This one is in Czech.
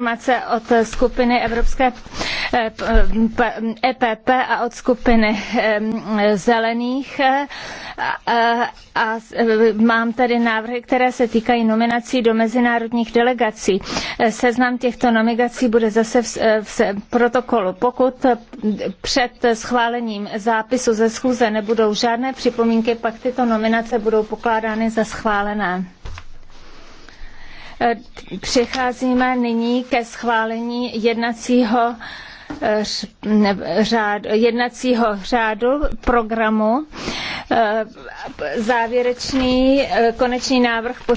informace od skupiny Evropské EPP eh, eh, a od skupiny eh, zelených a mám tady návrhy, které se týkají nominací do mezinárodních delegací. Seznam těchto nominací bude zase v protokolu. Pokud před schválením zápisu ze schůze nebudou žádné připomínky, pak tyto nominace budou pokládány za schválené. Eh, Přicházíme nyní ke schválení jednacího eh, jednacího řádu programu eh, závěrečný konečný návrh pořadu